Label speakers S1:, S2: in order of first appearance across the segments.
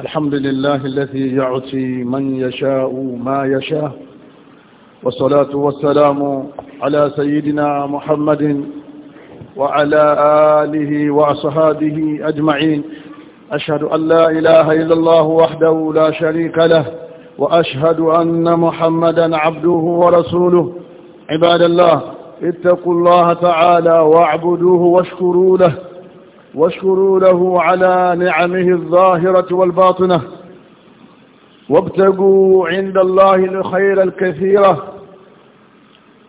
S1: الحمد لله الذي يعطي من يشاء ما يشاء والصلاة والسلام على سيدنا محمد وعلى آله وصحابه أجمعين أشهد أن لا إله إلا الله وحده لا شريك له وأشهد أن محمدا عبده ورسوله عباد الله اتقوا الله تعالى واعبدوه واشكروا له واشكروا له على نعمه الظاهرة والباطنة وابتغوا عند الله الخير الكثيرة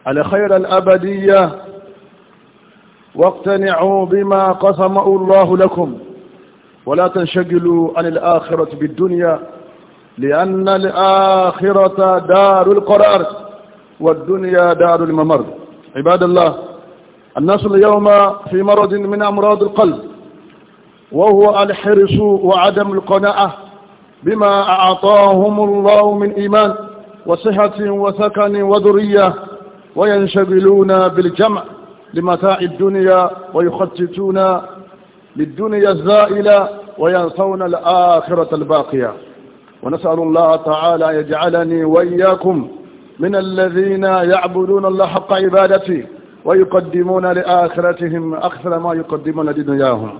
S1: الخير الأبدية واقتنعوا بما قسمه الله لكم ولا تنشغلوا عن الآخرة بالدنيا لأن الآخرة دار القرار والدنيا دار الممر عباد الله الناس اليوم في مرض من أمراض القلب وهو الحرص وعدم القناعة بما أعطاهم الله من إيمان وصحة وسكن وذرية وينشغلون بالجمع لمتاع الدنيا ويخططون للدنيا الزائلة وينسون الآخرة الباقية ونسأل الله تعالى يجعلني وإياكم من الذين يعبدون الله حق عبادته ويقدمون لآخرتهم أكثر ما يقدمون لدنياهم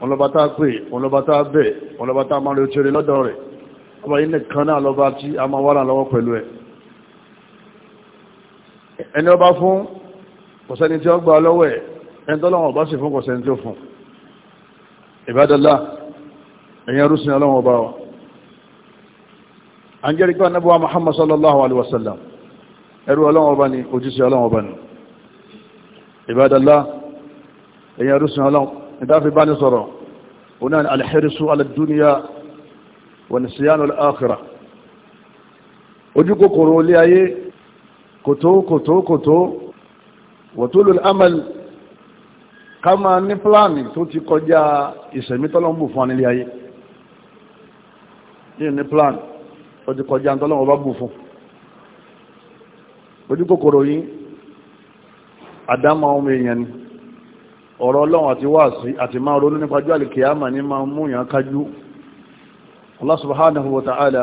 S1: òun lọ́ba tá a pè òun lọ́ba tá a bẹ̀ òun lọ́ba tá a máa retí orí lọ́dọ̀ rẹ̀ ọba yìí nìkan náà lọ́ba tí a máa wà lọ́wọ́ pẹ̀lú ẹ̀ ẹni ọba fún kò sẹ́ni tí ó gbà lọ́wọ́ ẹ̀ ẹni tọ́lọ́wọ́ ọba sì fún kò sẹ́ni tí ó fún ìbádọ́lá ẹ̀yẹn rúsìn ọlọ́wọ́ ọba wa an jẹ́rìí pé anábọ́wá Muhammad sallallahu alaihi wasallam ẹrú ọlọ́wọ́ ọba ìdáfi bá ní sọ̀rọ̀ oní alhẹ́rìsù alàdúnìyà wà ní síyánù al'akira ojú kòkòrò ilé ayé kòtó kòtó kòtó wàtúlù al'amal ká máa ní pláàni tó ti kọjá ìsẹ̀mí tọ́lọ́mbù fún ilé ayé yìí ní pláàni tó ti kọjá tọ́lọ́mbù bá bù fún ojú kòkòrò yìí àdámà ọmọ èèyàn ni ọ̀rọ̀ ọlọ́run àti sí àti máa ronú nípa jọ́ àlìkìyàmà ní máa mú yàn kájú Allah subhanahu wa ta'ala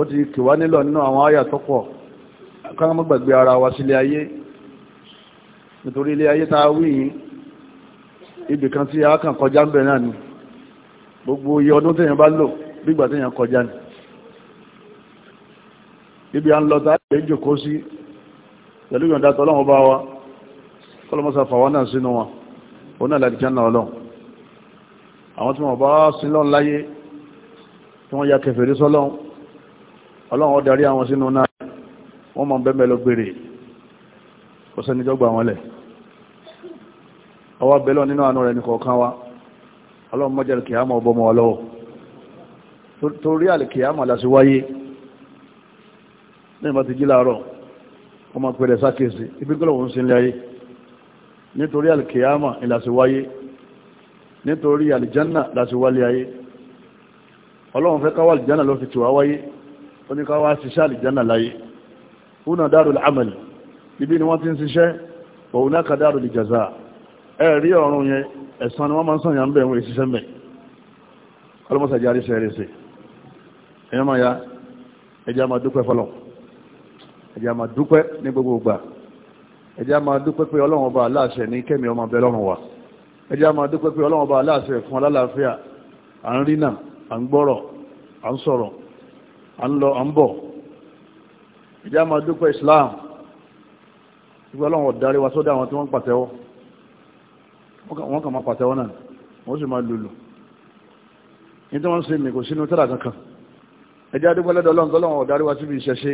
S1: ó ti kìwá ara wa si ayé aye ilé ayé aye wí yìí kan tí a kàn kọjá gbogbo iye ọdún bá lò bígbà kọjá ibi à ń lọ tàà lè sí pẹ̀lú ìyọ̀ndà tọ́lọ́wọ́ kọlọmọsà fàwọn náà sínú wọn òun náà láti jẹ́ náà ọlọ́run àwọn tí wọ́n bá sin lọ́n láyé tí wọ́n ya kèfèrí sọ́lọ́run ọlọ́run ó darí àwọn sínú náà wọ́n mọ̀ bẹ́ẹ̀ lọ gbére kò sẹ́ni jọ́gbà wọn lẹ̀ ọwọ́ bẹ́lọ́ nínú àánú rẹ̀ nìkọ̀ọ̀kan wa ọlọ́run mọ́jẹ́ kìámọ̀ ọbọmọ wa lọ́wọ́ torí àlìkìámọ̀ láti wáyé lẹ́yìn bá ti jí láàárọ̀ wọ́n pẹ̀lẹ̀ sákèsí ibi gbọ́lọ̀ òun sí ilé ayé nítorí alkiyama ìlàsíwáyé nítorí aljanna làsíwálé ayé ọlọ́run fẹ́ káwà aljanna ló fi tiwa wáyé ó ní káwà ṣiṣẹ́ aljanna láyé húnà dárò l'amali ibi ni wọ́n ti ń ṣiṣẹ́ òun náà ka dárò lè jaza ẹ rí ọ̀run yẹn ẹ̀san ni wọ́n máa ń sàn yà ń bẹ̀ wọ́n ìṣiṣẹ́ mẹ́ ọlọ́mọsà járí sẹ́rẹ̀ sí ẹjẹ́ a máa dúpẹ́ pé ọlọ́run ọba aláṣẹ ní kẹ́mi ọmọ bẹ lọ́rùn wa ẹjẹ́ a máa dúpẹ́ pé ọlọ́run ọba aláṣẹ fún alálàáfíà à ń rínà à ń gbọ́rọ̀ à ń sọ̀rọ̀ à ń lọ à ń bọ̀ ẹjẹ́ máa dúpẹ́ Islam ìgbà ọlọ́run ọ̀darí wa sọ́dọ̀ àwọn tí wọ́n ń pàtẹ́wọ́ wọ́n kàn máa pàtẹ́wọ́ náà wọ́n sì máa lùlù ní tí wọ́n ń ṣe mí kò sínú tẹ́lá kankan ẹjẹ́ a dúpẹ́ ọlọ́run ọ̀darí wa síbi ìṣẹ̀ṣe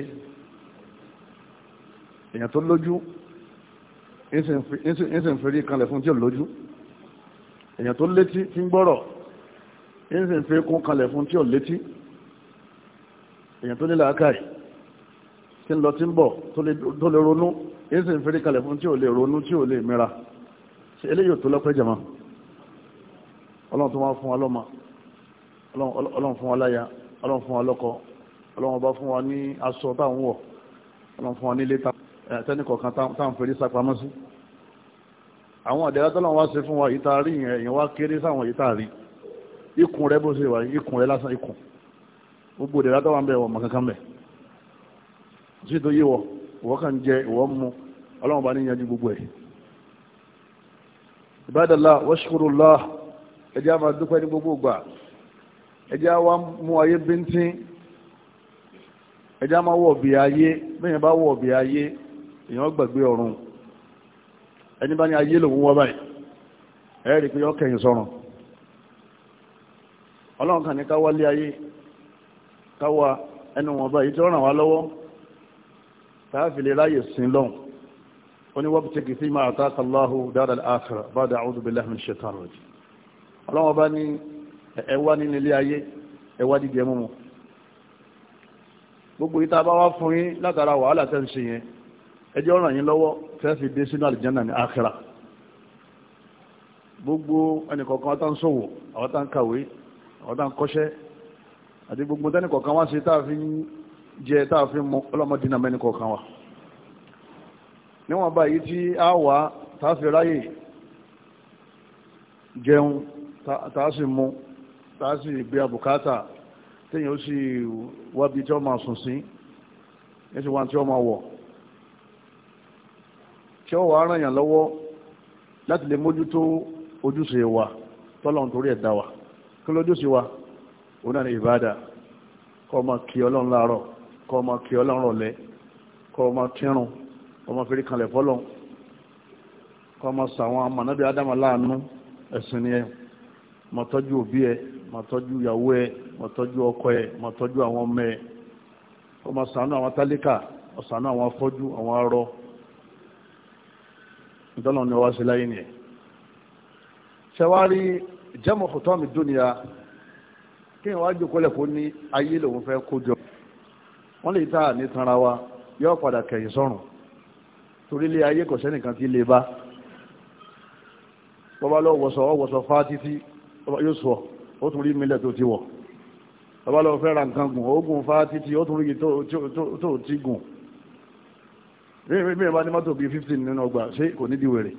S1: èèyàn tó lójú ìsìn fèrè kanlẹ̀ fún tí ò lójú èèyàn tó létí fi ń gbọ́rọ̀ ìsìn fèrè kún kanlẹ̀ fún tí ò létí èèyàn tó ní làákàyè tí ń lọ tí ń bọ̀ tó lè ronú ìsìn fèrè kanlẹ̀ fún tí ò lè ronú tí ò lè mìíra ṣe eléyìí tó lọ́pẹ́ jẹ̀mọ́ ọlọ́run tó wá fún wa lọ́mọ ọlọ́run fún wa láya ọlọ́run fún wa lọ́kọ ọlọ́run ọba fún wa ní aṣọ táwọn wọ̀ ọlọ́run fún wa ní ilé táwọn tẹ́nì kọ̀ọ̀kan táwọn fèrè sápamọ́ sí àwọn àdẹ́rẹ́ tọ́lọ́ wá ṣe fún wa yìí taari yẹn èèyàn wá kéré sáwọn yìí taari ikùn rẹ bó ṣe wà ikùn rẹ lásán ikùn gbogbo ìdẹ́rẹ́ tọ́wọ́ ń bẹ̀ wọ̀ mọ̀kankan bẹ̀ sí tó yé wọ ìwọ kàn jẹ ìwọ mu ọlọ́run bá níyanjú gbogbo ẹ̀ ìbádàlá wọ́ṣkúrúlá ẹjẹ́ a máa dúpẹ́ ní gbogbo ìgbà ẹjẹ́ a wá mú ayé bíntín ẹjẹ́ a máa wọ̀ bí ayé bẹ́yẹn bá wọ̀ bí ayé ọ gbàgbé ọ̀run ẹni bá ní ayé lòun wọ́n báyìí ẹ̀rí pé ọkẹ̀yìn sọ̀rọ̀ ọlọ́run kàn ní káwá lé ayé káwá ẹnu wọn báyìí tí ó ràn wá lọ́wọ́ tààfi lè sin lọ́hùn ó ní wọ́pù tẹ́kì sí máa tààkà láhù dáadáa àkàrà bá lẹ́hìn ṣe ọlọ́run bá ní ẹwà nínú ilé ayé ẹwà gbogbo ìta bá wá fún yín látara wàhálà tẹ́ ń ṣe yẹn ẹjẹ́ ọ̀ràn yín lọ́wọ́ fẹ́ fi dé sínú àlìjánà ní àkírà gbogbo ẹnìkọ̀ọ̀kan wọ́n tá ń sòwò àwọn tá ń kàwé àwọn tá ń kọ́ṣẹ́ àti gbogbo tẹ́nìkọ̀ọ̀kan wá sí táà fi ń jẹ táà fi mú ọlọ́mọdínà mẹ́nìkọ̀ọ̀kan wa níwọ̀n báyìí tí a wà táà ráyè jẹun táà sì mú gbé àbùkátà téèyàn ó sì wábi tí wọ́n máa sùn sí ẹ sì tí wọ́n máa wọ̀ tí ó wà ràn yàn lọ́wọ́ láti lè mójútó ojúṣe wa tọ́lọ́run torí ẹ̀dá wa kí lójúṣe wa òun náà ní ìbáàdà kọ́ ọmọ kí ọlọ́run láàárọ̀ kọ́ ọmọ kí ọlọ́run rọ̀lẹ́ kọ́ ọmọ kírun ọmọ fèrè kanlẹ̀ fọ́lọ́run kọ́ ọmọ sàwọn amọ̀nàbí ádámà láàánú ẹ̀sìn ni ẹ mọ̀ tọ́jú òbí ẹ mọ̀ tọ́jú ìyàwó ẹ mọ̀ tọ́jú ọkọ ẹ mọ̀ tọ́jú àwọn ọmọ ẹ ọmọ sàánú àwọn tálíkà ọ̀sàánú àwọn afọ́jú àwọn arọ ìtọ́nà ni wá sí láyé ni ẹ̀ ṣẹwárí jẹ́mọ̀ ọ̀tọ́ mi dúnìyà kí wọ́n á jòkó lẹ́kọ́ ní ayé lòun fẹ́ kó jọ wọ́n lè ta ní tanra wa yóò padà kẹ̀yìn sọ́run torí ilé ayé kò sẹ́nìkan tí lè bá bọ́bá lọ wọ̀sọ̀ ọwọ́sọ̀ fá títí yóò sọ ó tún rí mílẹ̀ tó ti wọ̀ bọ́bá lọ fẹ́ ra nǹkan gùn ó gùn fá títí ó tún rí tó ti gùn bẹ́ẹ̀ bá ní mọ́tò bíi fifteen nínú ọgbà ṣé kò ní di wèrè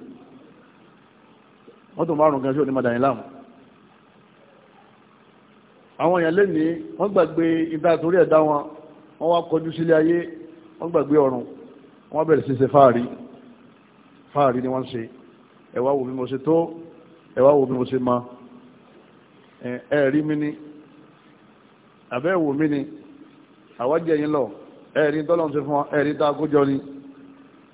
S1: mọ́tò márùn kan ṣé ò ní máa dàyìn láàmú àwọn èèyàn lénìí wọ́n gbàgbé ìta torí ẹ̀dá wọn wọ́n wá kọjú sílé ayé wọ́n gbàgbé ọ̀run wọ́n bẹ̀rẹ̀ sí ṣe fáàrí fáàrí ni wọ́n ṣe ẹ wá wò bí mo ṣe tó ẹ wá wò bí mo ṣe ma ẹ rí mi ni àbẹ́ wò mí ni àwájẹ́ yín lọ ẹ rí tọ́lọ́n ṣe fún ẹ rí tá a kójọ ni.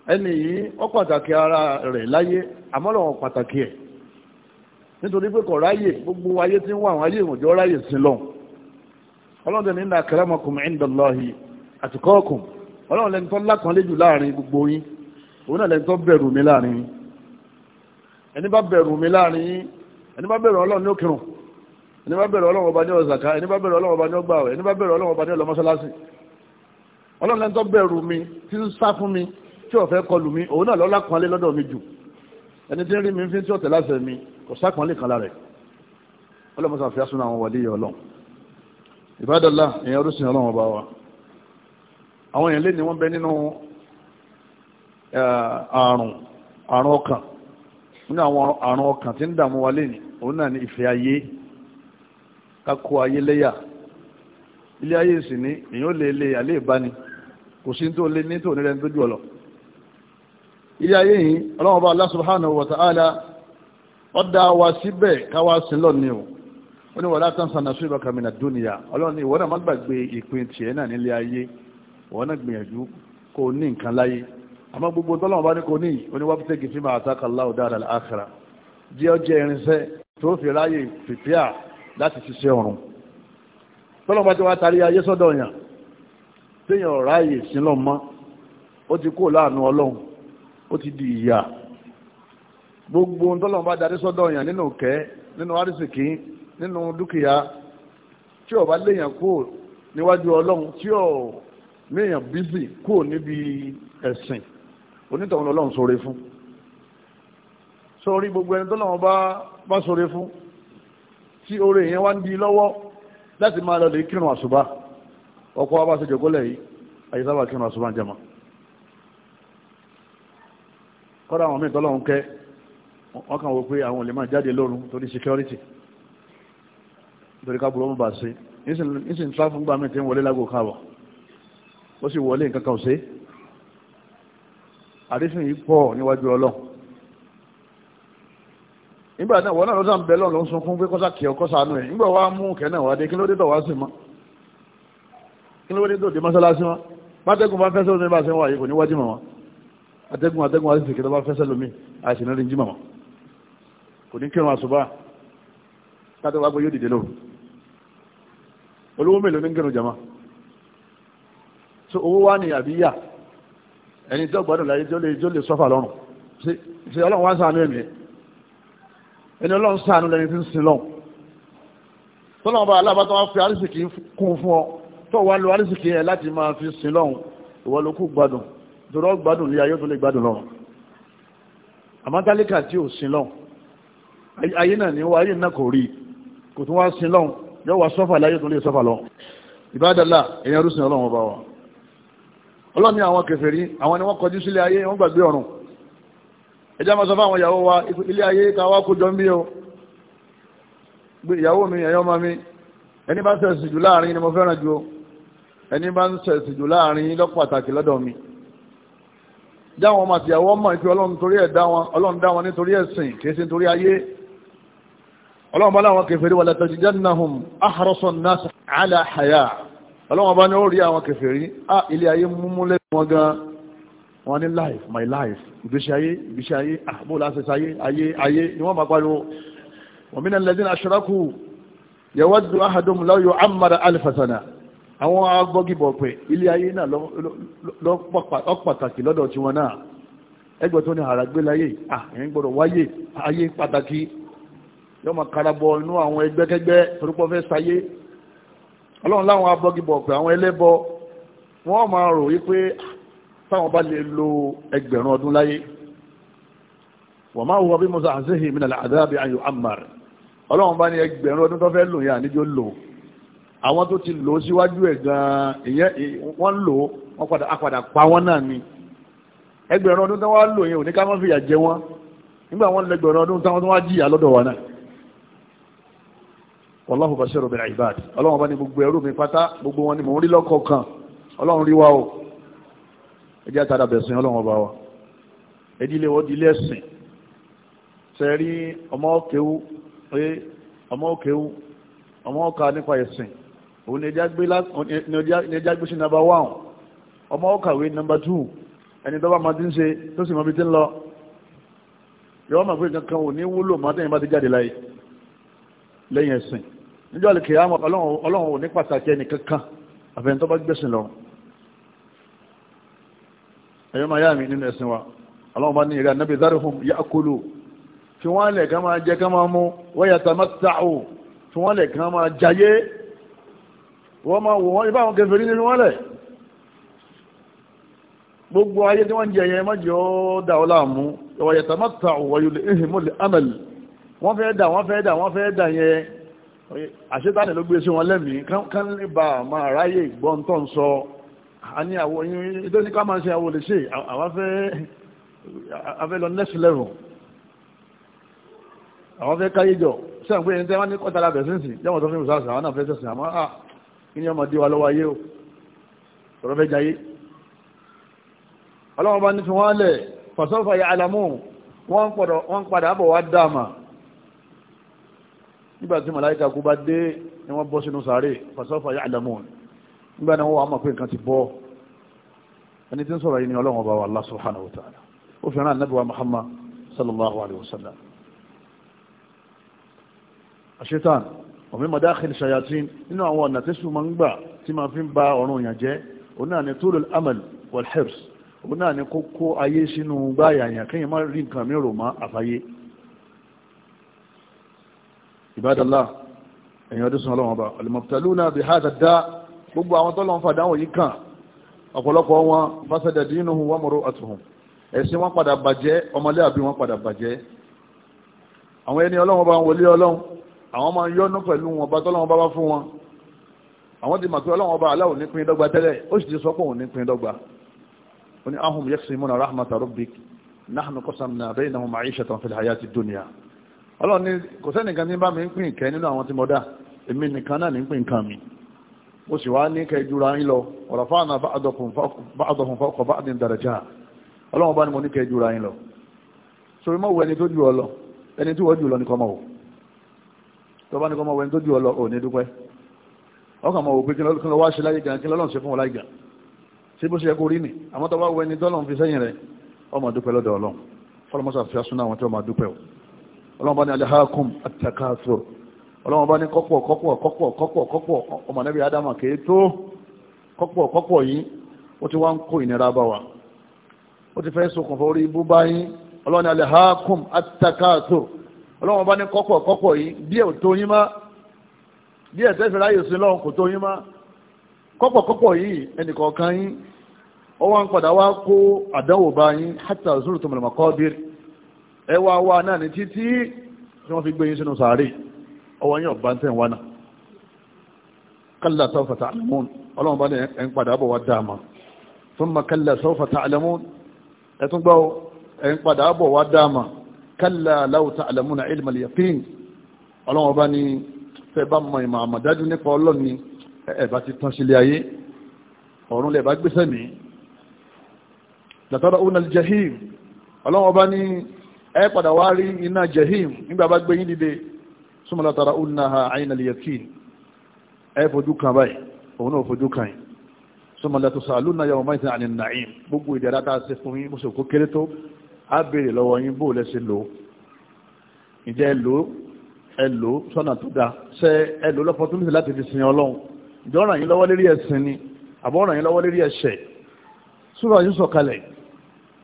S1: ẹni yìí ó pàtàkì ara rẹ̀ láyé àmọ́lọ́wọ́ pàtàkì ẹ̀ nítorí pé kò ráyè gbogbo ayé tí ń wà àwọn ayé ìwòjọ́ ráyè sí lọ ọlọ́dẹ̀ ní inna akramakum indallahi ọlọ́run lẹni tó lákan láàrin gbogbo ọlọ́run ní ẹni bá bẹ̀rù ọlọ́run ọba ní ẹni bá bẹ̀rù ọlọ́run ọba ní ọgbà ọlọ́run ọba ní ọlọ́run lẹni tó bẹ̀rù mi tí ń sá fún mi tí ó fẹ́ kọlù mi òun náà lọ́lá kan lé lọ́dọ̀ mi jù ẹni tí ń rí mi fi ń tí ọ̀tẹ̀ láṣẹ mi kò sákan lè kan lára ẹ̀ ọlọ́mọsàn fi asúnà àwọn wọlé ọlọ́run ìbádọ́lá èèyàn orísun ọlọ́run ọba wa àwọn lé wọ́n bẹ nínú àrùn àrùn ọkàn nínú àwọn àrùn ọkàn tí ń dààmú wa lé òun náà ní ìfẹ́ ayé ayé ilé ayé sì ní lè ilé ayé yìí ọlọ́run ọba Allah subhanahu wa ta'ala ọ̀dà wa síbẹ̀ káwá sí lọ́ni o ó ní wala tansa nasibaka mina dunya ọlọ́run ìwọ náà gbàgbé ìpín tiẹ̀ náà nílé ayé ìwọ náà gbìyànjú ní nǹkan láyé àmọ́ gbogbo tọ́lọ́run bá ní kò ní oníwábítẹ́gì fima ataka Allahu dara jẹ́ ọjẹ́ irinṣẹ́ tó fi ráyè láti ṣiṣẹ́ tọ́lọ́run bá ti wá tarí ayé sọ́dọ̀ téèyàn ráyè ó ti kó láàánú ó ti di ìyà gbogbo ohun tọ́lọ́run bá darí sọ́dọ̀ èèyàn nínú kẹ́ nínú arísìkí nínú dúkìá tí ó bá léèyàn kúrò níwájú ọlọ́run tí ó léèyàn bísì kúrò níbi ẹ̀sìn onítọ̀hún ọlọ́run sóre fún sórí gbogbo ẹni tọ́lọ́run bá bá sóre fún tí oore èèyàn wá ń di lọ́wọ́ láti máa lọ lè kírun àṣùbá ọkọ̀ wa bá ṣe jòkó lẹ̀ yìí àyíṣàbà kírun àṣùbá ń jẹma kọ́dà àwọn mìíràn tọ́lọ́run kẹ́ wọ́n kàn wò pé àwọn olè máa jáde lórun torí security torí ká burú ọmọ bá ṣe nísìn tráfù gbà mí tí ń wọlé lágbo káàbọ̀ ó sì wọlé nǹkan kan ṣe àdífìn yìí pọ̀ níwájú ọlọ́run nígbà náà wọ́n náà lọ́sàn bẹ́ẹ̀ lọ́n ló ń sunkún pé kọ́sà kí ọ kọ́sà nù ẹ̀ nígbà wàá mú kẹ́ náà wàá dé kí ló dé tọ̀ wá sí mọ́ kí ló dé tọ̀ dé mọ́sálásí mọ́ pátẹ́kùn bá fẹ́ sọ́dún nígbà tí wọ́n wà kò ní mọ́ wọn atẹ́gùn atẹ́gùn àti ìfèkè tọ́bá fẹ́sẹ̀ lómi àìsàn náà rí jí màmá kò ní kírun àṣùbá káàtó wá pé dìde lóru olówó mélòó ní kírun jama so owó wá ní àbí yà ẹni tí ó gbádùn láyé tí ó lè tí ó lè sọ́fà lọ́rùn ṣe ọlọ́run wá ń sàánú ẹ̀mí ẹni ọlọ́run sàánú lẹni tí ń sin lọ́run tọ́lọ́run bá aláàbá wá fi arísìkì kún fún ọ tó wá lo arísìkì yẹn láti máa fi sin lọ́run ìwọ ló kú gbádùn tòrọ gbádùn lé ayé tó lè gbádùn lọ àmátálíkà tí ò sin lọ ayé náà ní wá ayé náà kò rí kò tún wá sin lọ yóò wá sọ́fà láyé tó lè sọ́fà lọ ìbádàlá èyàn rúsìn ọlọ́run ọba wa ọlọ́ni àwọn kèfèrí àwọn ni wọ́n kọjú sílé ayé wọ́n gbàgbé ọ̀run ẹjá máa sọ fún àwọn ìyàwó wa ilé ayé ká wá kó jọ ń bí o ìyàwó mi ẹ̀yọ́ ọmọ mi ẹni bá ń ṣẹ̀sìn jù láàrin ni mo fẹ́ràn jù ẹni bá ń ṣẹ̀sìn jù láàrin lọ́pàtàkì lọ́dọ̀ mi dáwọn ọmọ àtìyàwó ọmọ ìpé ọlọ́run torí ẹ̀ dáwọn ọlọ́run dáwọn nítorí ẹ̀sìn kìí sí torí ayé ọlọ́run bá láwọn kèfèrí wà látàjí jannahum ahrasan nas ala haya ọlọ́run bá ní ó rí àwọn kèfèrí á ilé ayé múmúlẹ̀ wọn gan wọn ní life my life ìgbésí ayé ìgbésí ayé àbó láṣẹṣẹ ayé ayé ayé ni wọ́n bá pariwo wa mina alladhina ashraku yawaddu ahaduhum law yu'ammara alfa sana àwọn agbọ́gibọ̀ pẹ̀ ilé ayé náà lọ pàtàkì lọ́dọ̀ tí wọn náà ẹgbẹ́ tó ní àràgbé láyé wáyé ayé pàtàkì yọ ma karabọ inú àwọn ẹgbẹ́kẹ́gbẹ́ torípọ̀ fẹ́ sáyé ọlọ́run láwọn àwọn ẹlẹ́bọ máa rò wípé táwọn lo ẹgbẹ̀rún ọdún àwọn tó ti lò síwájú ẹ̀ gan-an ìyẹn wọ́n lò wọ́n padà apàdà pa wọ́n náà ni ẹgbẹ̀rún ọdún tí wọ́n lò yẹn ò ní ká wọ́n fìyà jẹ wọ́n nígbà wọn lẹgbẹ̀rún ọdún tí wọ́n wá jìyà lọ́dọ̀ wa náà wallahu bashiru bil ibad ọlọ́run bá ní gbogbo ẹrú mi pátá gbogbo wọn ni mò ń rí lọ́kọ̀ọ̀kan ọlọ́run rí wa o ẹjẹ́ àtàdà bẹ̀sìn ọlọ́run ọba wa ẹdílé wọ́n di lẹ́sìn sẹ́rí ọmọ òkèwú ọmọ òkèwú ọmọ ọkà nípa ẹ̀sìn òun ni ẹjá gbé sí nàbà wáhùn ọmọ ọkàwé nàbà tù ẹni tó bá máa ti ń ṣe tó sì máa fi ti ń lọ yọwọ́ máa pé kankan ò ní wúlò máa tẹ̀yìn bá ti jáde láyé lẹ́yìn ẹ̀sìn níjọ́ àlèkè àmọ́ ọlọ́run ò ní pàtàkì ẹnì kankan àfẹ́ni tó bá gbẹ̀sìn lọ ẹ̀yọ́ máa yá mi nínú ẹ̀sìn wa ọlọ́run bá ní ìrẹ́ anábì zarhum ya'kulu tí wọ́n lẹ̀ ká máa jẹ ká máa mú wa yatamatta'u wọ́n máa wò wọ́n ibá àwọn kèfèrí nínú wọ́n lẹ̀ gbogbo ayé tí wọ́n jẹ ẹyẹ má jẹ́ ó dà ọ́ láàmú ọ̀wọ̀ yẹ̀tà má ta ọ̀wọ̀ yìí ehimu lè amẹ̀l wọ́n fẹ́ dà wọ́n fẹ́ dà wọ́n fẹ́ dà yẹn àṣetánì ló gbé sí wọn lẹ́mìí kán lè ba àmà ráyè gbọ́n tó ń sọ a ní àwọn ní ọmọdé wa lọ́wọ́ ayé o ọ̀rọ̀ fẹ́ jayé ọlọ́wọ́ bá ní fi wọ́n lẹ̀ fàṣọ́fà ya alamu wọ́n padà bọ̀ wá dáàmà nígbàtí màláìka kú bá dé ni wọ́n bọ́ sínú sàárè fàṣọ́fà ya alamu nígbà náà wọ́n wà mọ̀ pé nǹkan ti bọ́ ẹni tí ń sọ̀rọ̀ yìí ni ọlọ́wọ́ bá wà Allah subhanahu wa ọ̀mí madakhil shayatin nínú àwọn ọ̀nà tẹ́sù ma ń gbà tí ma fi ń ba ọ̀run èèyàn jẹ́ òun náà ni tulul amal wal hirs òun náà ni kókó ayé sínú báyà èèyàn kéèyàn má rí nǹkan mi rò má àfáyé ibadallah èèyàn ọdún sún ọlọ́wọ́n ọba al-mubtaluna bi hadha ad-da gbogbo àwọn tọ́lọ́ fàdáwọ̀ yìí kàn ọ̀pọ̀lọpọ̀ wọn fasada dinuhum wa muru'atuhum ẹ̀sìn wọn padà bàjẹ́ ọmọlé àbí wọn padà bàjẹ́ àwọn ẹni ọlọ́wọ́n bá wọlé ọlọ́wọ́ àwọn máa ń yọ́nú pẹ̀lú wọn bá tọ́lọ́wọ́n bá bá fún wọn àwọn ti mọ̀ pé bá aláwọ̀ ní pín dọ́gba tẹ́lẹ̀ ó sì ti sọ pé òun ní pín dọ́gba ó ní ahum yaqsimuna rahmata rabbik nahnu qasamna kò ní bá mi ń nínú àwọn nìkan náà ní tó bá ní kọ́ mọ wẹ́n tó jù ọ lọ ò ní dúpẹ́ ọkàn mọ̀ òpin kí lọ́wọ́ wá ṣe láyé gan kí lọ́lọ́run ṣe fún wọn láyé gan ṣé bó ṣe yẹ kó rí ni àmọ́ tó bá wọ ẹni tọ́lọ́run fi sẹ́yìn rẹ̀ ọmọ dúpẹ́ lọ́dọ̀ ọlọ́run fọlọ́mọ́sà fi asún àwọn tí wọ́n máa dúpẹ́ o ọlọ́run bá ní alhakum at-takathur ọlọ́run bá ní kọ́pọ̀ kọ́pọ̀ kọ́pọ̀ kọ́pọ̀ kọ́pọ̀ ọmọ nẹ́bí adama kìí tó kọ́pọ̀ kọ́pọ̀ yìí ó ti wá ń kó ìnira bá wa ó ti fẹ́ ṣokùnfà ọlọ́wọ́n bá ní kọ́kọ̀ kọ́kọ̀ yìí díẹ̀ ò tó yín mọ́ díẹ̀ tẹ́sí ráyè sí lọ́run kò tó yín mọ́ kọ́kọ̀ kọ́kọ̀ yìí ẹnìkọ̀ọ̀kan yín ó wá ń padà wá kó àdánwò bá yín hátà zúrù tó mọ̀lọ́mọ̀ kọ́ bí ẹ wá wá náà ní títí tí wọ́n fi gbé yín sínú sàárè ọwọ́ yín ọ̀bá ń tẹ̀ wá náà kálá sọ́fà tààlẹ́mún ọlọ́run bá ní ẹ̀ kalla law ta'lamuna ilma al-yaqin ọlọ́wọ́n bá ní fẹ́ bá mọ ìmọ̀ àmọ̀dájú nípa ọlọ́ni ẹ̀bá ti tán sílé ayé ọ̀run lẹ̀ bá gbéṣẹ́ mi látọ́rọ̀ una al-jahim ọlọ́wọ́n bá ní ẹ padà wá rí iná jahim nígbà bá gbé yín dìde súnmọ́ látara una ha àyínà al-yaqin ẹ fojú kan báyìí òun náà fojú kan yìí súnmọ́ látọ́sà alúnà yawma ìtàn àní nàìm gbogbo ìdẹ̀rátà á béèrè lọ́wọ́ yín bó lẹ́sẹ̀ lò ó ìjẹ́ ẹ lò ó ẹ sọ́nà tó dáa ṣe ẹ lò ó lọ́pọ̀túnìtì láti fi sin ọlọ́run ìjọ ràn yín lọ́wọ́ lérí ẹ̀sìn ni àbọ̀ ràn yín lọ́wọ́ lérí ẹ̀ṣẹ̀ yín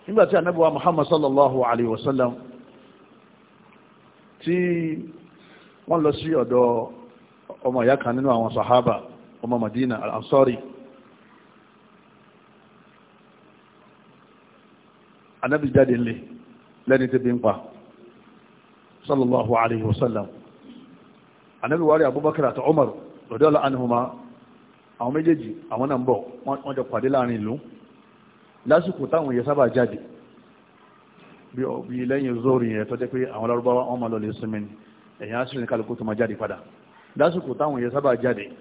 S1: nígbà tí wa Muhammad sallallahu alayhi wa sallam tí wọ́n lọ sí ọ̀dọ̀ ọmọ ìyá kan nínú àwọn sahaba ọmọ Madina al-Ansari anábì jáde ńlẹ̀ lẹ́ni tí bí ń pa sallallahu alayhi wa sallam anábì wárí abubakar àti umar radiyallahu anhuma àwọn méjèèjì àwọn náà ń bọ̀ wọ́n jọ pàdé láàrin ìlú lásìkò táwọn yẹ sábà jáde bí ọ̀bí lẹ́yìn zóòrì yẹn tó jẹ́ pé àwọn lárúbáwá wọn máa lọ lè sinmi ẹ̀yìn asìrìn kálukú tó máa jáde padà lásìkò táwọn yẹ sábà jáde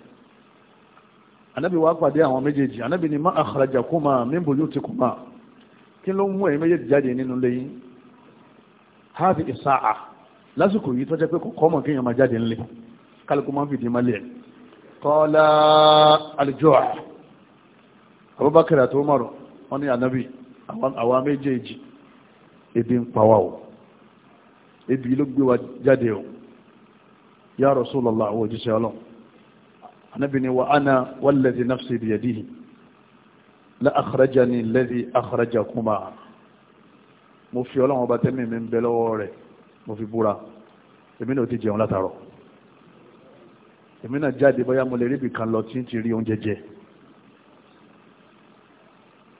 S1: anábì wá pàdé àwọn méjèèjì anábì ni má akhrajakuma min buyutikuma kí ló ń mú ẹ̀yin méjèèjì jáde nínú lẹ́yìn háàfi ìsáà lásìkò yìí tó jẹ́ pé kọ́kọ́ mọ̀ kéèyàn máa jáde ńlẹ̀ kálukú máa ń fìdí máa lé ẹ̀ kọ́lá àlùjọ́à Abubakar àti Umar wọn ní ànábì àwa méjèèjì ebi ń pa wá o ebi ló gbé wa jáde o ya Rasulullah àwọn òjíṣẹ́ ọlọ́run ànábì ni wa ana wallazi nafsi biyadihi la akhrajani alladhi akhrajakuma mo fi ọlọ́run ọba tẹ́mì mi ń bẹ lọ́wọ́ rẹ̀ mo fi búra èmi náà ti jẹun látàrọ̀ èmi náà jáde bóyá mo lè rí ibì kan lọ tí ń ti rí oúnjẹ jẹ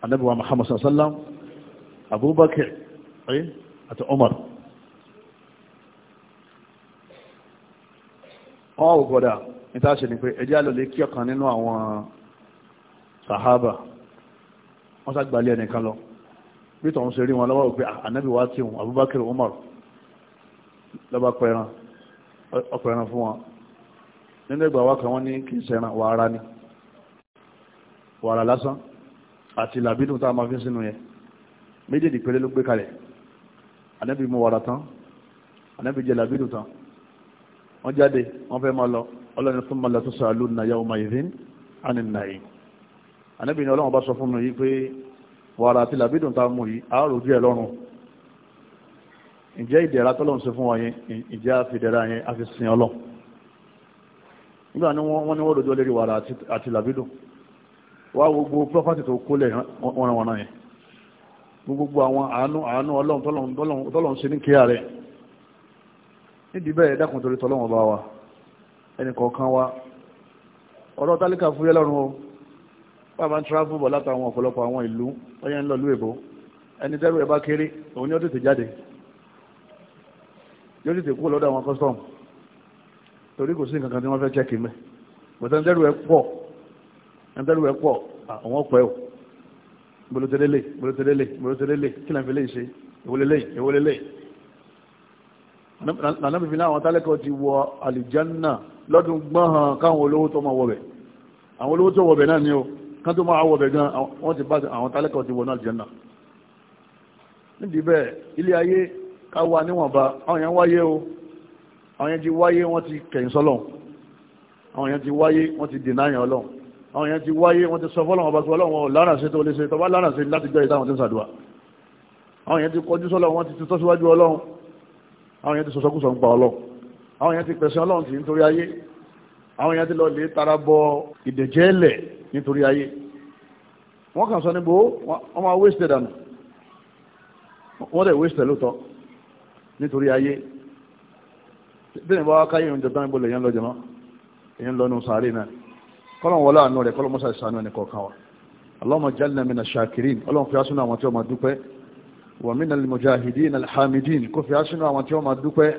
S1: anabiwa muhammad sallam abubakar eh, àti umar wọ́n ò gbọ́dá níta ni pé ẹjẹ́ àlọ́lé kí ọ̀kan nínú àwọn sahaba wọ́n sàgbàlẹ̀ ẹnìkan lọ bí tọ̀hún ṣe rí wọn lọ́wọ́ pé ah, ànábì wá tí wọn Abubakar Umar lọ́ba pẹran ọpẹran fún wọn nínú ìgbà wá kan wọ́n ní kì í ṣẹran wàrà ni wàrà lásán àti làbínú tá a máa fi sínú yẹn méjèèjì péré ló gbé kalẹ̀ ànábì mu wàrà tán ànábì jẹ làbínú tán wọ́n jáde wọ́n fẹ́ máa lọ ọlọ́ni fún malatusa alúna yawma idhin anin na'im ànábì ni ọlọ́run bá sọ fún mi yí pé wàrà àti làbídùn tá a mú yìí àárò díẹ̀ lọ́rùn ǹjẹ́ ìdẹ̀ra tọ́lọ́run ṣe fún wa yẹn ìjẹ́ àfìdẹ̀ra yẹn àfi sin ọlọ́run nígbà ní wọ́n ní wọ́n lójó lérí wàrà àti làbídùn wá gbogbo prọ́fàtì tó kólẹ̀ wọ́nranwọ̀nà yẹn gbogbo àwọn àánú àánú ọlọ́run tọ́lọ́run ṣe ní kíyà rẹ̀ nídìí bẹ́ẹ̀ dákùn torí tọ́lọ́run bá wa ẹnì kọ̀ọ̀kan wa ọ̀rọ̀ tálíkà fúyẹ́ lọ́rùn o báwa máa ń travel bọ̀ látàwọn ọ̀pọ̀lọpọ̀ àwọn ìlú ọyẹ́ ń lọ lú èbó ẹni tẹ́rù ẹ̀ bá kéré òun ni ó tètè jáde yóò tètè kúrò lọ́dọ̀ àwọn custom torí kò sí nǹkan kan tí wọ́n fẹ́ check in mẹ́ bọ̀tá ń tẹ́rù ẹ̀ pọ̀ ń tẹ́rù ẹ̀ pọ̀ àwọn ọ̀pọ̀ ẹ̀ o bolotẹ́lẹ́lẹ̀ bolotẹ́lẹ́lẹ̀ bolotẹ́lẹ́lẹ̀ kí lẹ́n fi lè ṣe ìwọlẹ́lẹ̀ ìwọlẹ́lẹ̀ nànà bìbí náà àwọn tálẹ́kọ̀ọ́ ti wọ àlìjánà lọ́dún gbọ́n hàn káwọn olówó tó máa wọbẹ̀ àwọn olówó tó wọbẹ̀ náà ni o kan tó máa wọ̀bẹ̀ gan wọ́n ti bá àwọn tálẹ́kọ̀ọ́ ti wọnà àlùjánnà nídìí bẹ́ẹ̀ ilé ayé ká wà níwọ̀nba àwọn yẹn wáyé o àwọn yẹn ti wáyé wọ́n ti kẹ̀yìn sọ́lọ̀ àwọn yẹn ti wáyé wọ́n ti dènà àyàn ọlọ́run àwọn yẹn ti wáyé wọ́n ti sọ fọ́lọ́wọ́n bá sọ́lọ́wọ́n láràṣẹ́ tó lè ṣe tọ́wọ́ láràṣẹ́ láti gbẹ́ ìtàwọn tí ń sàdúwà àwọn yẹn ti kọjú sọ́lọ́ wọ́n ti ti tọ́síwájú ọlọ́run àwọn yẹn ti sọ̀sọ́kùsọ̀ ń pa ọlọ́run àwọn yẹn ti pẹ̀sẹ̀ ọlọ́run ti nítorí ayé àwọn èèyàn ti lọ lè tara bọ ìdẹ̀jẹ́lẹ̀ nítorí ayé wọ́n kàn sọ níbo wọ́n máa wéṣẹ̀ dànù wọ́n dẹ̀ wéṣẹ̀ lóòótọ́ nítorí ayé bẹ́ẹ̀ bá káyé oúnjẹ tán ìbò lèyàn lọ́jọ́ èyàn lọ́nu sàárè náà kọ́lọ̀n wọlé àánú rẹ̀ kọ́lọ̀ mọ́sàá ìsànú ẹni kọ̀ọ̀kan wa Allahumma jalna mina shakirin ọlọ́run fi asúnú àwọn tí ó ma dúpẹ́ wa mina mujahidin alhamidin kó fi àwọn tí ó ma dúpẹ́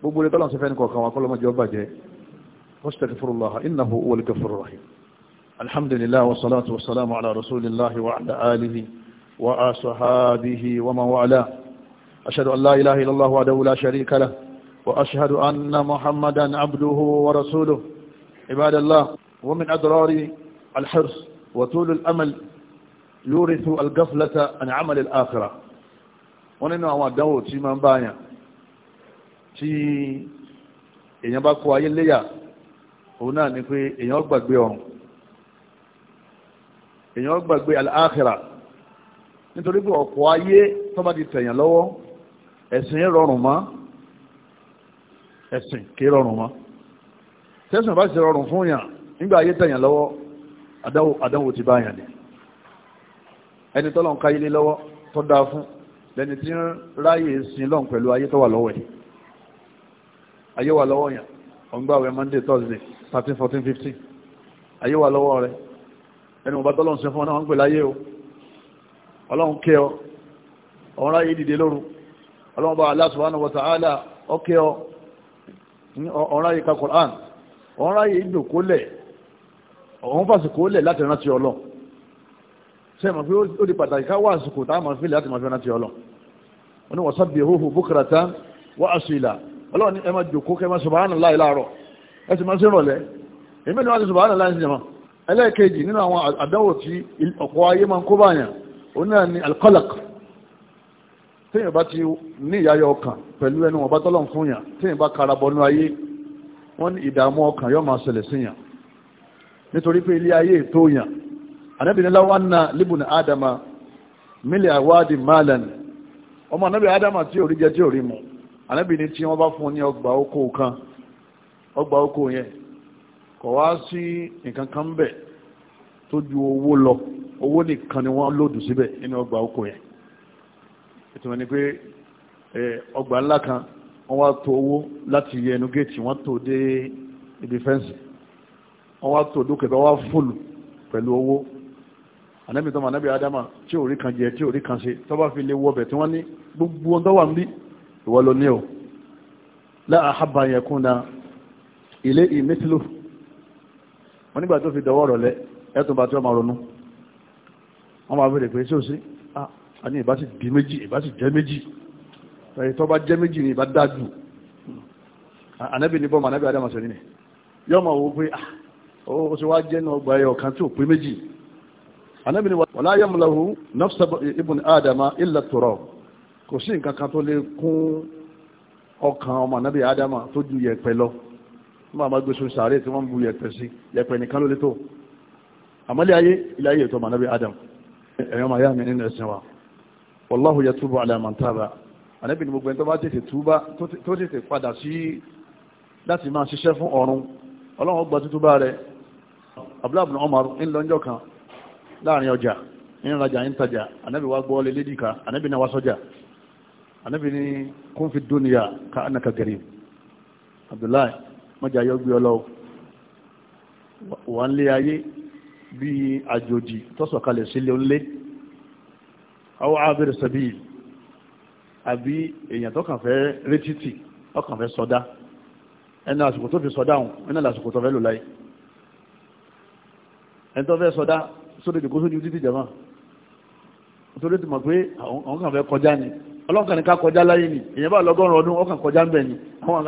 S1: gbogbo rẹ̀ kọ́lọ̀ sí kọ̀ọ̀kan wa kọ́lọ̀ mọ́jọ́ bàjẹ́ واستغفر الله إنه هو الكفر الرحيم الحمد لله والصلاة والسلام على رسول الله وعلى آله وأصحابه ومن والاه أشهد أن لا إله إلا الله وحده لا شريك له وأشهد أن محمدا عبده ورسوله عباد الله ومن أضرار الحرص وطول الأمل يورث الغفلة عن عمل الآخرة ونحن أما دعوة من بايا tí èyàn bá kó òun náà ni pé èèyàn gbàgbé ọ̀run èèyàn gbàgbé àlàáhìrà nítorí pé ọ̀pọ̀ ayé tó bá ti tẹ̀yàn lọ́wọ́ ẹ̀sìn rọrùn mọ́ ẹ̀sìn kìí rọrùn mọ́ tẹ́sán bá sì rọrùn fún yàn nígbà ayé tẹ̀yàn lọ́wọ́ àdánwò ti bá yàn ni ẹni tọ́lọ̀ ń káyílé lọ́wọ́ tó dáa fún lẹni tí ń ráyè sin lọ́n pẹ̀lú ayé tó wà lọ́wọ́ ẹ̀ ayé wà lọ́wọ́ yàn ọ̀ngbàwẹ̀ Monday Thursday thirteen fourteen fifteen ayé wa lọ́wọ́ rẹ ẹni bàbá tọ́lọ́run ṣe fún ọ náà wọ́n ń pè láyé o ọlọ́run kẹ́ ọ ọ̀run ráyè dìde lóru ọlọ́run bá Allah subhanahu wa ta'ala ọkẹ́ ọ ọ̀run ráyè ka Qur'an ọ̀run ìdòkólẹ̀ ọ̀run fàṣìkólẹ̀ láti fi láti máa fi rántí ọlọ́run wọn ni wa asila ọlọ́run ẹ máa jòkó kẹ́ máa subhanallah ẹsì máa ṣe rọ̀lẹ́ èmi ni wọ́n ti sùbàánà láì sinimá ẹlẹ́ẹ̀kejì nínú àwọn àdánwò tí ọkọ̀ ayé máa ń kó báyàn òun náà ni alkolak téèyàn bá ti ní ìyáyọ ọkàn pẹ̀lú ẹnu wọn bá tọ́lọ̀ fún yàn téèyàn bá kara bọnú ayé wọ́n ní ìdààmú ọkàn yóò máa ṣẹlẹ̀ sí yàn nítorí pé ilé ayé ètò yàn anábìniláwọ̀ anna libun adama mílẹ̀ àwádìí malan ọmọ anábì adama tí ò rí tí ò rí anábìnrin tí wọ́n bá fún ní ọgbà oko kan ọgbà oko yẹn kọ wá sí nǹkan kan tó ju owó lọ owó nìkan ni wọ́n lòdù síbẹ̀ nínú ọgbà oko yẹn ìtumọ̀ ni pé ọgbà ńlá kan wá to owó láti ẹnu géètì wọn tó dé ibi fẹ́ǹsì wọ́n wá tó dókè tó wá fòlù pẹ̀lú owó ànábì tó mọ̀ ànábì tí ò kan jẹ fi lè wọ ọbẹ̀ gbogbo ń bí o ilé ìmísílò wọn nígbà tó fi dọwọ́ rọ̀lẹ́ ẹ̀tún bá tí wọ́n máa ronú wọ́n máa bèèrè pé sí òsí ah, a ní ìbá sì di méjì ìbá sì jẹ́ méjì ẹ̀yìn tó bá jẹ́ méjì ní ìbá dájú ah, ànábì ní bọ́ọ̀mù ànábì adámasọ̀ nínú yọ́ máa wo pé ah, ó sì wá jẹ́ náà gba ẹyọ kan tí ò pé méjì ànábì ní wàlá yamlahu nafsa ibn adama illa turab kò sí nǹkan kan tó lè kún ọkàn ọmọ ànábì adama tó ju yẹ̀pẹ̀ lọ máa ma gbèsò sàárè tí wọ́n ń bu yẹ̀pẹ̀ sí yẹ̀pẹ̀ nìkan ló lé tó àmọ́lẹ̀ ayé ilé ayé ètò mànàbí adam ẹ̀yọ́ màá yá mi nínú ẹ̀sìn wa wallahu yatubu ala man taba ànábì ni gbogbo ẹni tó bá tètè túbá tó tètè padà sí láti máa ṣiṣẹ́ fún ọ̀run ọlọ́run gba tútúbá rẹ̀ abúláàbùn Umar ń lọ́njọ́ kan láàrin ọjà ń rajà ń tajà ànábì wá gbọ́ lélédì kan ànábì náà wá sọ́jà ànábì ni kún fi dúnìyà ká ànàkà gẹ̀rẹ̀ Abdullahi mọ́jà yọ gbé ọlọ́wọ́ wà ń lé ayé bí àjòjì tọ́sọ̀kalẹ̀ sílé ńlé àwọn abẹ́rẹ́ sẹ́bí àbí èèyàn tó kàn fẹ́ rétítì ó kàn fẹ́ sọdá ẹni àsìkò tó fi sọdá hùn ẹni àsìkò tó fẹ́ lò láyé ẹni tó fẹ́ sọdá sódò ìdìkó sódì títí jẹ̀mọ́ nítorí ti mọ̀ pé àwọn kàn fẹ́ kọjá ni ọlọ́kàn ní ká kọjá láyé ni èyàn bá lọ́gọ́rùn ọdún ọkàn kọjá ń bẹ̀ ni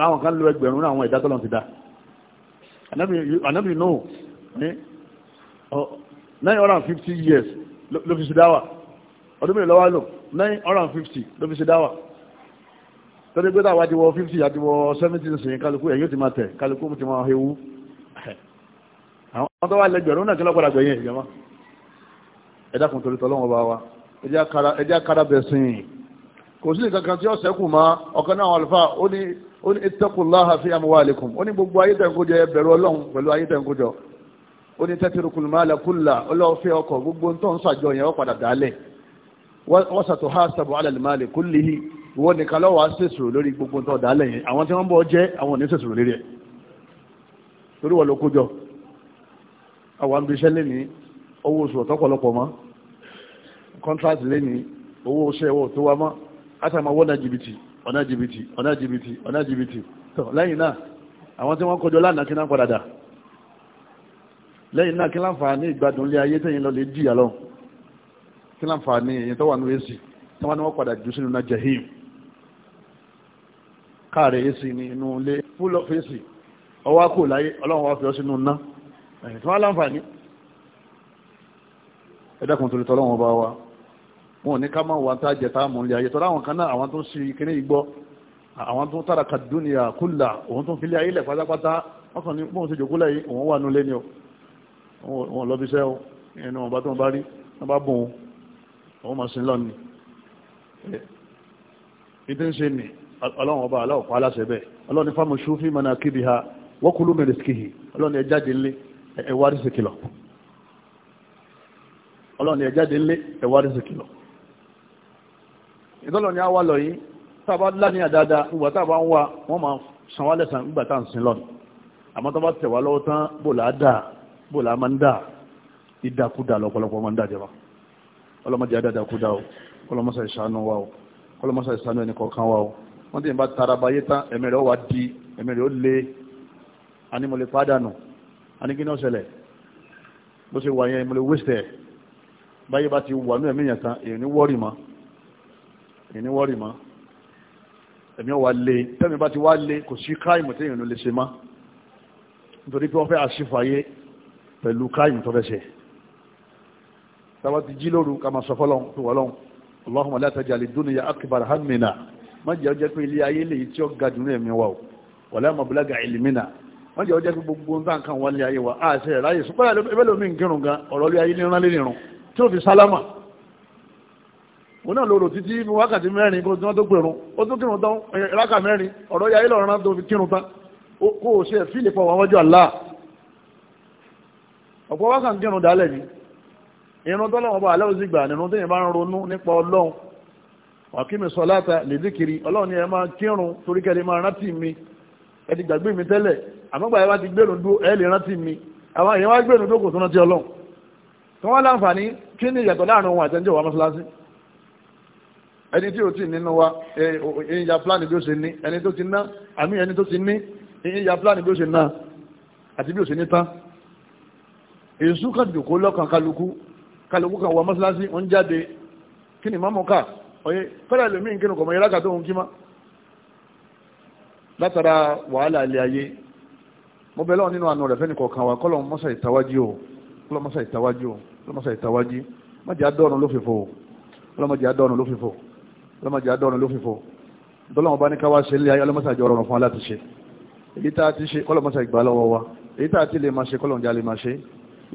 S1: àwọn kan lo ẹgbẹ̀rún àwọn ẹ̀dá tọ́lọ̀ ti dá anábì náà ní 950 years ló fi ṣe dáwà ọdún mẹ́rin lọ́wọ́ lò 950 ló fi ṣe dáwà tọ́lé gbé dáwà diwọ 50 àdiwọ 70 sèyìn kálukú ẹ̀yọ́ ti máa tẹ̀ kálukú ti máa hewu àwọn tó wà lẹ́gbẹ̀rún náà kí lọ́pàá gbẹ̀yìn ìjọba ẹ̀dá kan torítọ́ lọ́wọ́ bá wa ẹjá kò sí nǹkan kan tí ó sẹ́kù mọ́ ọ̀kan náà àlùfáà ó ní ó ní ittaqullaha fi ó ní gbogbo ayé tẹ̀kójọ ẹ bẹ̀rù ọlọ́run pẹ̀lú ayé ó ní tatrukul mala ọlọ́ọ̀fẹ́ ọkọ̀ gbogbo tó ń sàjọ yẹn ó padà dálẹ̀ al-mali kullihi ìwọ nìkan lọ́wọ́ gbogbo tó dálẹ̀ yẹn àwọn tí wọ́n bọ́ jẹ́ àwọn ò ní lórí àtàmàwọ́ ọ̀nà jìbìtì ọ̀nà jìbìtì ọ̀nà jìbìtì ọ̀nà jìbìtì tọ̀ lẹ́yìn náà àwọn tí wọ́n kọjọ lánàá kí náà padà dà lẹ́yìn náà kí láǹfà ní ìgbádùn ilé ayé tẹ́yìn lọ lè jìyà lọ kí láǹfà ní èyí tó wà ní èsì full of èsì ọwọ́ kò láyé ọlọ́run wá fi ọ sínú náà ẹ̀yìn tí wọ́n wọn ò ní ká máa wà tá jẹ tá mọ̀ ní ayé tọ́lá àwọn kan náà àwọn tó ń ṣe kíní ìgbọ́ àwọn tó ń tára kàdúnìyà kúlà òun tó ń filé ayé lẹ̀ pátápátá wọ́n kàn ní bóun ṣe jòkó lẹ́yìn òun wà nulẹ̀ ni o wọn lọ bí iṣẹ́ o ẹnu ọba tó ń bá rí wọn bá bùn òun máa sin lọ́ni ìdí ń ṣe ni ọlọ́run ọba aláwọ̀pá aláṣẹ bẹ́ẹ̀ ọlọ́run ní fáwọn kíbi ha wọ́n ìtọ́lọ̀ ni a wà lọ yìí tàbá láni àdáadáa ìgbà tàbá ń wà wọ́n máa san wá lẹ́sàn ìgbà tàà ń sin lọ àmọ́ tó bá tẹ̀ wá lọ́wọ́ tán bòlá dà bòlá máa ń dà ìdàkúdà lọ́pọ̀lọpọ̀ máa ń dàjẹba ọlọ́mọdé àdàdàkúdà o kọlọmọsà ìṣàánú wa o kọlọmọsà ìṣàánú ẹnì kọ̀ọ̀kan wa o wọ́n ti ń bá tarabáyé tán ẹ̀mí rẹ̀ ó wá di ẹ̀mí rẹ̀ ó lé anímọ̀lẹ̀ pádànù anígínà ọ̀sẹ̀lẹ̀ ìní wọ́rì mọ́ ẹ̀mí ọ̀wà lè tẹ́mi bá ti wá lè kò sí káìmù tí ìrìn lè ṣe má nítorí pé wọ́n fẹ́ àṣìfàyé pẹ̀lú káìmù tó fẹ́ṣẹ̀ sábàtí jí lóru ká máa sọ fọ́lọ́n tó wà lọ́n Allahumma la taj'al ad-dunya akbar hammina má jẹ́ ọjọ́ pé ilé ayé lè tí ó ga jù ní ẹ̀mí wa o wala mablagha ilmina má jẹ́ ọjọ́ pé gbogbo nǹkan kan wà ní ayé wa àṣẹ ráyè sùpẹ́rẹ́ ẹbẹ́ lómi ń kírun gan ọ̀rọ̀ ilé ayé ní òun náà lòrò títí fún wákàtí mẹ́rin kó tí wọ́n tó pèrún ó tún kírun tán rákà mẹ́rin ọ̀rọ̀ ya ilẹ̀ ọ̀rán tó fi kírun tán kó o ṣe fílì pọ̀ wọ́n jọ àlá ọ̀pọ̀ wákàtí kírun dálẹ̀ ni irun tó lọ́wọ́ bá alẹ́ òsì gbà nínú téèyàn bá ń ronú nípa ọlọ́run wàkímì sọláta lèdíkiri ọlọ́run ni ẹ máa kírun torí kẹ́lẹ́ máa rántí mi ẹ ti gbàgbé mi tẹ́lẹ̀ àmọ́gbà ẹ bá ti gbẹ̀rún dó ẹ lè rántí mi àwọn èèyàn wá gbẹ̀rún dó kò tó rántí ọlọ́run tí wọ́n láǹfààní kí ni ìyàtọ̀ láàrin òun àtẹ́jọ́ wa mọ́ṣáláṣí ẹni tí ó ti nínú wa ìyá pláàni bí ó ṣe ní ẹni tó ti ná àmì ẹni tó ti ní ìyá pláàni bí ó ṣe ná àti bí ó ṣe ní tán èṣù kan jòkó lọ́kàn kálukú kálukú kan wà mọ́sálásí ń jáde kí ni mọ́mọ́ ká ọyẹ fẹ́rẹ̀ lómi nkínú kọ̀mọ́ yẹn lákàtọ́ òun kí má látara wàhálà ilé ayé mo bẹ̀ lọ́wọ́ nínú àánú rẹ̀ fẹ́ni kọ̀ọ̀kan wa kọ́lọ́ mọ́sà ìtawájú o kọ́lọ́ mọ́sà ìtawájú o kọ́lọ́ mọ́sà ìtawájú má jẹ́ adọ́run ló fìfò o kọ́lọ́ má jẹ́ adọ́run ló fìfò o lọ́mọdé àdọ́rùn ló fífọ́ dọ́lọ́wọ́n bá ní káwá ṣe ilé ayé ọlọ́mọsà jọ rọrùn fún aláti ṣe èyí tá a ti ṣe kọ́lọ́mọsà ìgbà lọ́wọ́ wa èyí tá a ti lè máa ṣe kọ́lọ́mọdé lè máa ṣe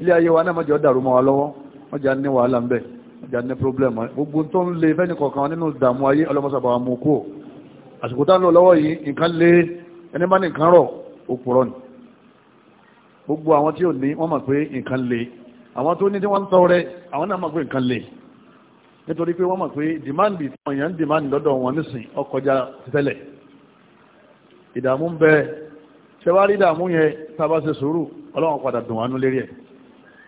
S1: ilé ayé wa náà mọ̀jọ́ dàrú mọ́ wa lọ́wọ́ mọ̀jà ní wàhálà ń bẹ̀ mọ̀jà ní pírọ́blẹ̀mù gbogbo tó ń le fẹ́ni kọ̀ọ̀kan nínú ìdààmú ayé ọlọ́mọsà bá wa mú kú àsìkò tá ń lọ lọ́wọ́ yìí nǹkan lé ẹni bá ní nǹkan rọ̀ òpùrọ̀ ni gbogbo àwọn tí ò ní wọ́n mọ̀ pé nítorí pé wọ́n mọ̀ pé dìmáàndì tí wọ́n yàn ń dìmáàndì lọ́dọ̀ wọn nísìn ọkọjá tẹ́lẹ̀ ìdààmú ń bẹ ṣẹwárí ìdààmú yẹn tábà ṣe sùúrù ọlọ́run padà dùn wánú lérí ẹ̀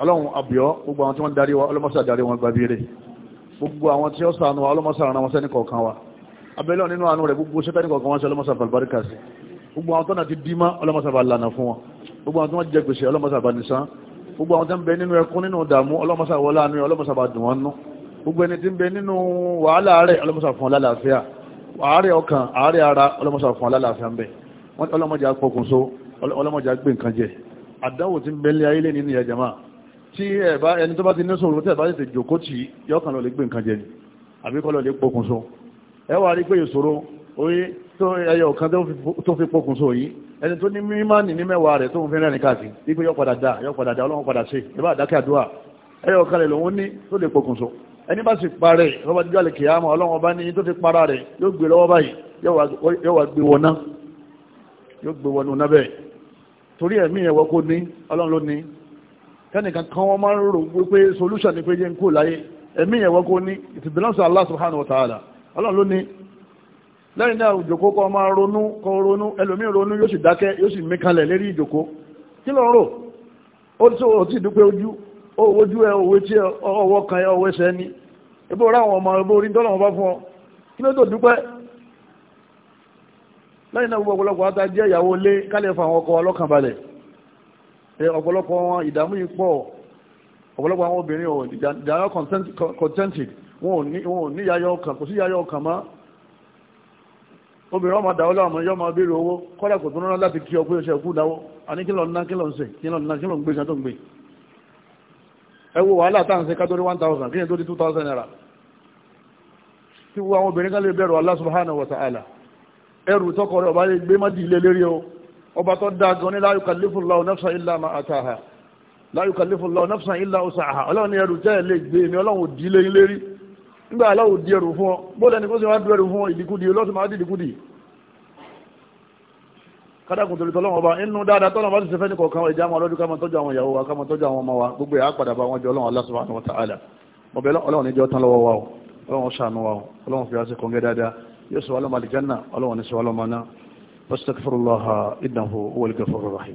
S1: ọlọ́run àbíọ́ gbogbo àwọn tí wọ́n darí wa ọlọ́mọṣà darí wọn gba bíire gbogbo àwọn tí ó sànù wa ọlọ́mọṣà ràn wọn sẹ́ni kọ̀ọ̀kan wa abẹ́lẹ̀ nínú àánú rẹ̀ gbogbo sẹ́ni kọ̀ọ̀kan wọn ṣe ọlọ́mọṣà bàlùbáríkà sí gbogbo àwọn tọ́nà ti dímá ọlọ́mọṣà bá lànà fún wọn gbogbo àwọn tí wọ́n jẹ gbèsè ọlọ́mọṣà bá nìsan gbogbo àwọn tó ń bẹ nínú ẹkún nínú ìdààmú ọlọ́mọṣà wọlé àánú ọlọ́mọṣà dùn wọn nú gbogbo ẹni tí ń bẹ nínú wàhálà àárẹ̀ ọlọ́mọsà fún ọlálàáfíà àárẹ̀ ọkàn àárẹ̀ ara ọlọ́mọsà fún ọlálàáfíà ń bẹ wọ́n ọlọ́mọjà pọkùnso ọlọ́mọjà gbé nǹkan jẹ àdánwò tí ń bẹ ní ayé lé nínú ìyàjàmá tí ẹ̀bá ẹni tó bá ti ní sòrò tẹ́ẹ̀bá tètè jòkó tì yọ́kàn lọ lè gbé nǹkan jẹ ni àbí kọ́ lọ lè pọkùnso ẹ wà rí pé ìṣòro orí tó ẹyọ kan tó fi pọkùnso yìí ẹni tó ní mímánì ní mẹ́wàá rẹ̀ tó ń fi rẹ́rìn káàkiri wípé yọ́ padà dá yọ́ padà dá ọlọ́run padà ṣe ìbá àdákẹ́ àdúrà ẹyọ kan lè lòun ní tó lè pọkùnso ẹni bá sì parẹ́ ọba díjọ́ àlè kìyàmọ̀ ọlọ́wọ́n bá ní tó ti para rẹ̀ yóò gbé lọ́wọ́ báyìí yóò wá gbé wọná yóò gbé wọnú náà bẹ́ẹ̀ torí ẹ̀mí ẹ̀wọ́ kó ní ọlọ́run ló ní kẹ́nìkan kan wọ́n máa ń rò wípé solution ni pé yẹn kó láyé ẹ̀mí ẹ̀wọ́ kó ní it belongs to Allah subhanahu wa ta'ala ọlọ́run ló ní lẹ́yìn náà ìjòkó kọ́ máa ronú kọ́ ronú ẹlòmíì ronú yóò sì owójú ẹ owó tí ọwọ́ kan ẹ ọwọ́ ẹsẹ̀ ní ebó ráwọn ọmọ ebó orí dọ́là wọn bá fún ọ kí ló tó dúpẹ́ lẹ́yìn náà gbogbo ọ̀pọ̀lọpọ̀ ata jẹ́ ìyàwó lé kálẹ̀ fún àwọn ọkọ ọlọ́kàn balẹ̀ ọ̀pọ̀lọpọ̀ wọn ìdààmú yìí pọ̀ ọ̀pọ̀lọpọ̀ àwọn obìnrin ò ìdààmú contented wọn ò ní yayọ ọkàn kò sí yayọ ọkàn mọ́ obìnrin ọmọ dàwọ́ láwọn yọ ọmọ béèrè owó kọ́dà kò tó rán láti kí ọ pé ó ṣe kú dáwọ́ àní kí lọ ná kí lọ ń sè kí lọ ná kí lọ ń gbé ẹwọ wàhálà tàà ń ṣe kátórí 1000 kí ní tó di 2000 naira tí wọ́n àwọn obìnrin kan lè bẹ̀rù Allah subhanahu wa ta'ala ẹrù tọ́kọ̀ rẹ̀ ọba lè gbé má dìílé lérí o ọba tó dáa gan ní la yukallifu Allahu nafsan illa ma ataha la yukallifu Allahu nafsan illa usaha ọlọ́run ní ẹrù tẹ́ẹ̀ lè kádàkùn torí tọ́lọ́wọ́n ọba inú dáadáa tọ́lọ́wọ́n bá ti ṣe fẹ́ ní kọ̀ọ̀kan ìjà àwọn ọlọ́dún ká máa tọ́jú àwọn ìyàwó wa ká máa tọ́jú àwọn ọmọ wa gbogbo ẹ̀ á padà bá wọn jọ ọlọ́run Allah subhanahu wa ta'ala ọbẹ̀ ọlọ́run níjọ́ tán lọ́wọ́ wa o ọlọ́run ṣàánú wa o ọlọ́run fi wá sí kọ́ngẹ́ yóò sọ wà lọ́mọ àlìjánná ọlọ́run ní sọ wà lọ́mọ náà wastaghfirullaha innahu huwal ghafurur rahim